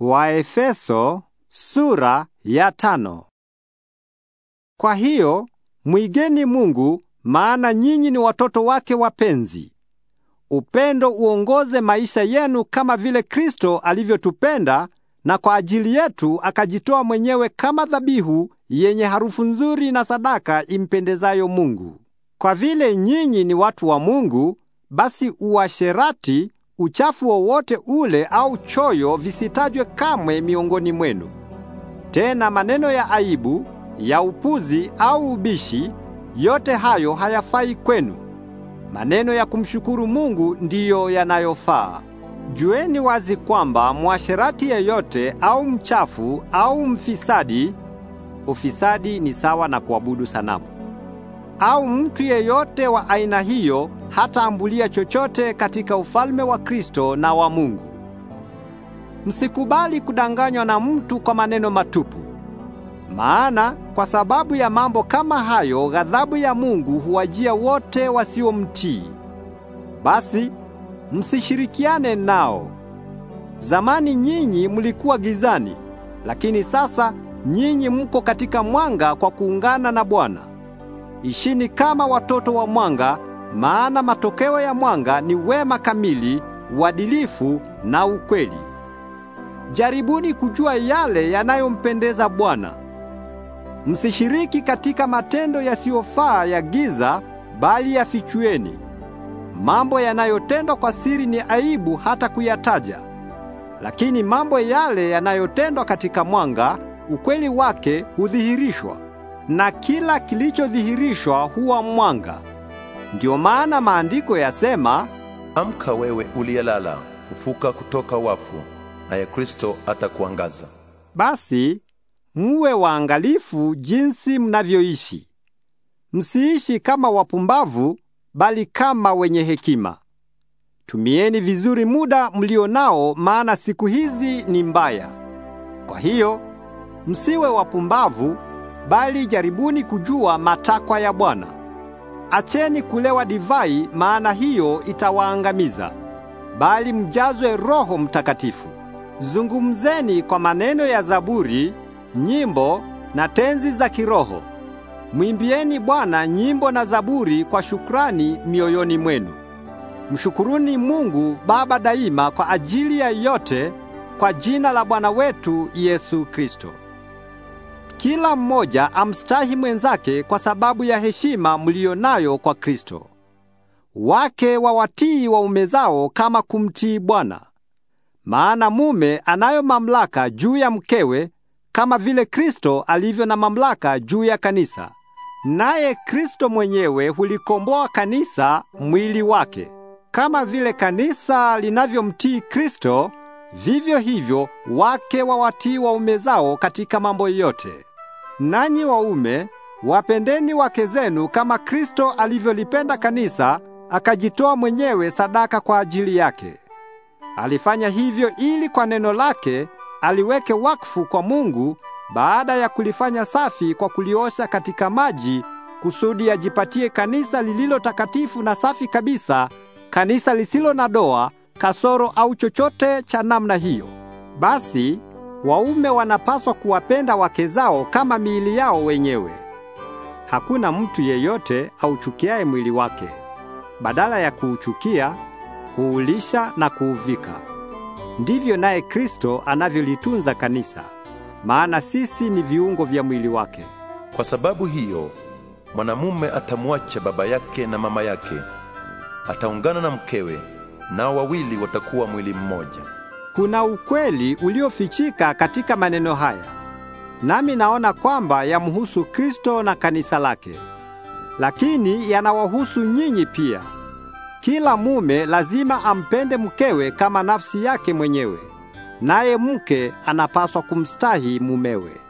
Waefeso sura ya tano. Kwa hiyo mwigeni Mungu, maana nyinyi ni watoto wake wapenzi. Upendo uongoze maisha yenu kama vile Kristo alivyotupenda na kwa ajili yetu akajitoa mwenyewe kama dhabihu yenye harufu nzuri na sadaka impendezayo Mungu. Kwa vile nyinyi ni watu wa Mungu, basi uasherati uchafu wowote ule au choyo visitajwe kamwe miongoni mwenu. Tena maneno ya aibu, ya upuzi au ubishi, yote hayo hayafai kwenu. Maneno ya kumshukuru Mungu ndiyo yanayofaa. Jueni wazi kwamba mwasherati yeyote au mchafu au mfisadi, ufisadi ni sawa na kuabudu sanamu, au mtu yeyote wa aina hiyo hataambulia chochote katika ufalme wa Kristo na wa Mungu. Msikubali kudanganywa na mtu kwa maneno matupu. Maana kwa sababu ya mambo kama hayo ghadhabu ya Mungu huwajia wote wasiomtii. Basi msishirikiane nao. Zamani nyinyi mlikuwa gizani, lakini sasa nyinyi mko katika mwanga kwa kuungana na Bwana. Ishini kama watoto wa mwanga maana matokeo ya mwanga ni wema kamili, uadilifu na ukweli. Jaribuni kujua yale yanayompendeza Bwana. Msishiriki katika matendo yasiyofaa ya giza, bali yafichueni. Mambo yanayotendwa kwa siri ni aibu hata kuyataja, lakini mambo yale yanayotendwa katika mwanga, ukweli wake hudhihirishwa, na kila kilichodhihirishwa huwa mwanga. Ndiyo maana maandiko yasema, amka wewe uliyelala, fufuka kutoka wafu, naye Kristo atakuangaza. Basi muwe waangalifu jinsi mnavyoishi, msiishi kama wapumbavu, bali kama wenye hekima. Tumieni vizuri muda mlio nao, maana siku hizi ni mbaya. Kwa hiyo msiwe wapumbavu, bali jaribuni kujua matakwa ya Bwana. Acheni kulewa divai, maana hiyo itawaangamiza, bali mjazwe Roho Mtakatifu. Zungumzeni kwa maneno ya zaburi, nyimbo na tenzi za kiroho. Mwimbieni Bwana nyimbo na zaburi kwa shukrani mioyoni mwenu. Mshukuruni Mungu Baba daima kwa ajili ya yote kwa jina la Bwana wetu Yesu Kristo. Kila mmoja amstahi mwenzake kwa sababu ya heshima mlionayo kwa Kristo. Wake wawatii waume zao kama kumtii Bwana. Maana mume anayo mamlaka juu ya mkewe kama vile Kristo alivyo na mamlaka juu ya kanisa. Naye Kristo mwenyewe hulikomboa kanisa mwili wake. Kama vile kanisa linavyomtii Kristo, Vivyo hivyo wake wawatii waume zao katika mambo yote. Nanyi waume wapendeni wake zenu kama Kristo alivyolipenda kanisa akajitoa mwenyewe sadaka kwa ajili yake. Alifanya hivyo ili kwa neno lake aliweke wakfu kwa Mungu baada ya kulifanya safi kwa kuliosha katika maji kusudi ajipatie kanisa lililo takatifu na safi kabisa, kanisa lisilo na doa kasoro au chochote cha namna hiyo. Basi waume wanapaswa kuwapenda wake zao kama miili yao wenyewe. Hakuna mtu yeyote auchukiaye mwili wake. Badala ya kuuchukia, huulisha na kuuvika. Ndivyo naye Kristo anavyolitunza kanisa, maana sisi ni viungo vya mwili wake. Kwa sababu hiyo, mwanamume atamwacha baba yake na mama yake, ataungana na mkewe nao wawili watakuwa mwili mmoja. Kuna ukweli uliofichika katika maneno haya, nami naona kwamba yamhusu Kristo na kanisa lake, lakini yanawahusu nyinyi pia. Kila mume lazima ampende mkewe kama nafsi yake mwenyewe, naye mke anapaswa kumstahi mumewe.